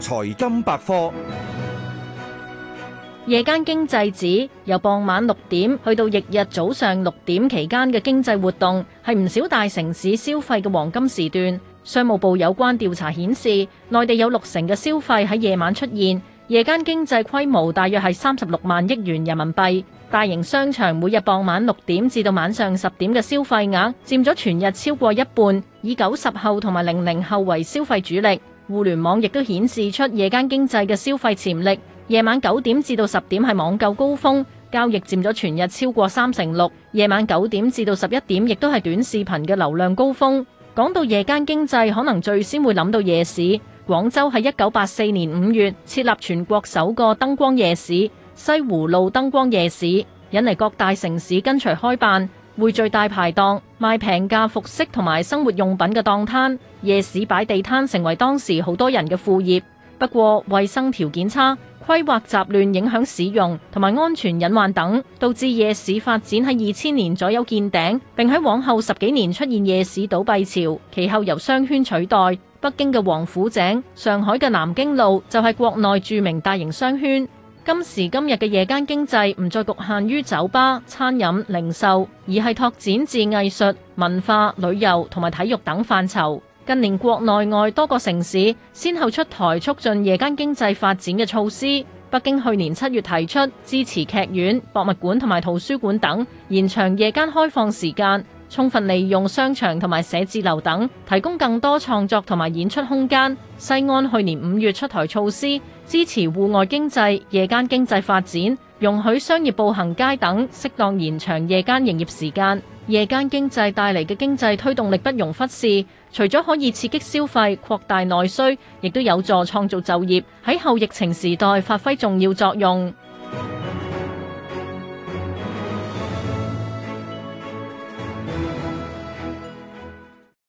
財金百科：夜間經濟指由傍晚六點去到翌日早上六點期間嘅經濟活動，係唔少大城市消費嘅黃金時段。商務部有關調查顯示，內地有六成嘅消費喺夜晚出現。夜間經濟規模大約係三十六萬億元人民幣。大型商場每日傍晚六點至到晚上十點嘅消費額佔咗全日超過一半，以九十後同埋零零後為消費主力。互聯網亦都顯示出夜間經濟嘅消費潛力。夜晚九點至到十點係網購高峰，交易佔咗全日超過三成六。夜晚九點至到十一點，亦都係短視頻嘅流量高峰。講到夜間經濟，可能最先會諗到夜市。廣州喺一九八四年五月設立全國首個燈光夜市——西湖路燈光夜市，引嚟各大城市跟隨開辦。匯聚大排檔、賣平價服飾同埋生活用品嘅檔攤，夜市擺地攤成為當時好多人嘅副業。不過衛生條件差、規劃雜亂、影響市容同埋安全隱患等，導致夜市發展喺二千年左右見頂，並喺往後十幾年出現夜市倒閉潮，其後由商圈取代。北京嘅王府井、上海嘅南京路就係國內著名大型商圈。今時今日嘅夜間經濟唔再侷限於酒吧、餐飲、零售，而係拓展至藝術、文化、旅遊同埋體育等範疇。近年國內外多個城市先後出台促進夜間經濟發展嘅措施。北京去年七月提出支持劇院、博物館同埋圖書館等延長夜間開放時間。充分利用商場同埋寫字樓等，提供更多創作同埋演出空間。西安去年五月出台措施，支持戶外經濟、夜間經濟發展，容許商業步行街等適當延長夜間營業時間。夜間經濟帶嚟嘅經濟推動力不容忽視，除咗可以刺激消費、擴大內需，亦都有助創造就業，喺後疫情時代發揮重要作用。